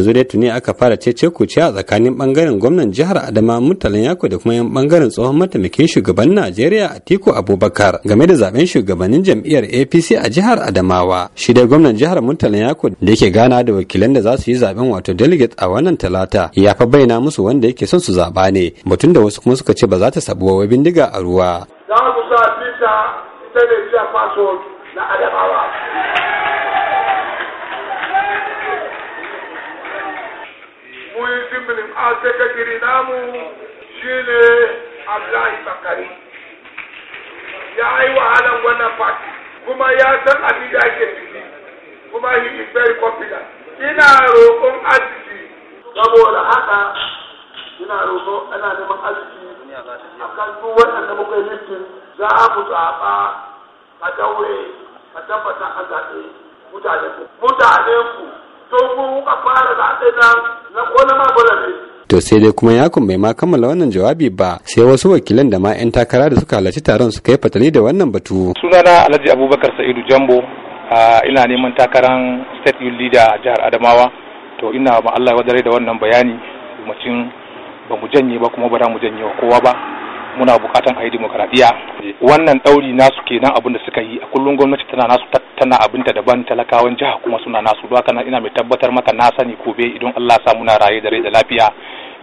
yanzu dai tuni aka fara cece kuce a tsakanin bangaren gwamnan jihar adama murtalan yako da kuma yan bangaren tsohon mataimakin shugaban najeriya atiku abubakar game da zaben shugabannin jam'iyyar apc a jihar adamawa shi dai gwamnan jihar murtala yako da yake gana da wakilan da za su yi zaben wato delegate a wannan talata ya fa bayyana musu wanda yake son su zaba ne batun da wasu kuma suka ce ba za ta sabuwa bindiga a ruwa. za su sa ita ne faso na adama muslim a sakatiri namu shi ne abdullahi bakari ya yi wahalan wannan fati kuma ya san abin da ake ciki kuma he is very confident ina roƙon arziki saboda haka ina roƙon ana neman arziki a kan duk da muka yi listin za mu zaɓa a daure a tabbata a zaɓe mutanen ku To sai dai kuma yakun bai ma kammala wannan jawabi ba sai wasu wakilan da ma 'yan takara da suka halarci taron suka yi fatali da wannan batu. Sunana Alhaji Abubakar Sa'idu Jambo ina neman takarar state youth leader a jihar Adamawa to ina ma Allah wadare da wannan bayani mutum ba mu janye ba kuma ba za mu janye wa kowa ba muna bukatan a yi demokaradiyya wannan ɗauri nasu kenan abin da suka yi a kullum gwamnati tana nasu tana da daban talakawan jiha kuma suna nasu don haka ina mai tabbatar maka na sani gobe idan Allah ya sa muna raye da rai da lafiya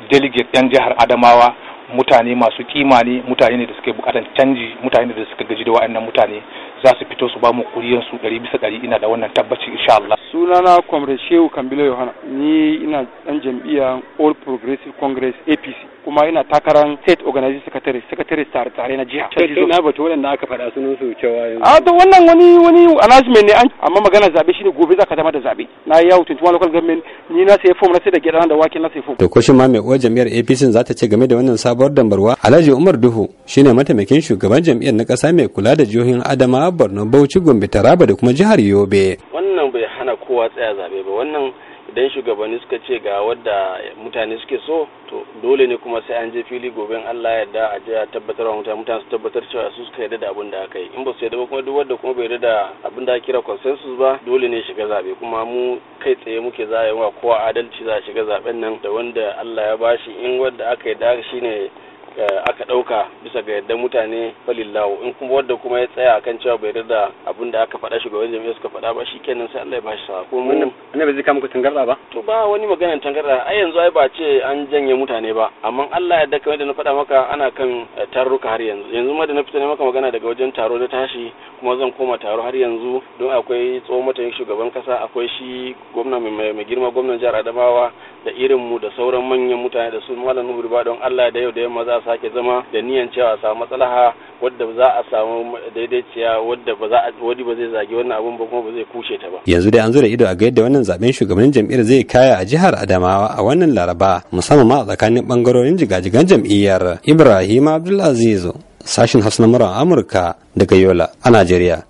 delegate yan jihar Adamawa mutane masu kima ne mutane ne da suke bukatan canji mutane da suka gaji da wa'annan mutane za su fito su ba mu kuriyar su ɗari bisa ɗari ina da wannan tabbaci insha Allah. Sunana Kwamre Shehu kambila Yohana ni ina ɗan jam'iyyar All Progressive Congress APC kuma ina takarar State Organizing Secretary Secretary tare tare na jiha. Sai na batu waɗanda aka faɗa sunan su cewa yanzu. A ah, to wannan wani wani announcement ne an amma magana zabe shine gobe za ka zama da zabe. Na yawo 21 local government ni na sai form na sai da gida da waken na sai form. To ko shi ma mai uwar jam'iyyar APC za ta ce game da wannan sabuwar dambarwa Alhaji Umar Duhu shine mataimakin shugaban jam'iyyar na ƙasa mai kula da jihohin Adama Borno, Bauchi, Gombe, Taraba da kuma jihar Yobe. Wannan bai hana kowa tsaya zabe ba. Wannan idan shugabanni suka ce ga wadda mutane suke so to dole ne kuma sai an je fili gobe Allah yarda a je a tabbatar wa mutane mutane su tabbatar cewa su suka yarda da abin da aka yi in ba su yarda ba kuma duk wanda kuma bai yarda da abin da kira consensus ba dole ne shiga zabe kuma mu kai tsaye muke za a wa kowa adalci za a shiga zaben nan da wanda Allah ya bashi in wanda aka yarda ne. Eh, aka ɗauka bisa ga yadda mutane falillahu in kuma wadda kuma ya tsaya akan cewa bai yarda abin da aka faɗa shugaban jami'a suka faɗa ba shi kenan sai Allah ya bashi sa'a ko mun ba zai kama ku tangarda ba to ba wani magana tangarda ai yanzu ai ba ce an janye mutane ba amma Allah ya yarda kamar da na faɗa maka ana kan eh, tarurruka har yanzu yanzu ma da na fita ne maka magana daga wajen taro na tashi kuma zan koma taro har yanzu don akwai tsohon matayin shugaban kasa akwai shi gwamna mai girma gwamnan jihar Adamawa da irin mu da sauran manyan mutane da su malam nuhu ba don Allah da yau da yamma za a sake zama da niyan cewa a samu matsalaha wadda za a samu daidaiciya wadda ba za a wadi ba zai zagi wannan abun ba kuma ba zai kushe ta ba yanzu dai an zo da ido a ga yadda wannan zaben shugabannin jam'iyyar zai kaya a jihar Adamawa a wannan Laraba musamman ma a tsakanin bangarorin jigajigan jam'iyyar Ibrahim Abdulaziz sashin Hausa na Amurka daga Yola a Najeriya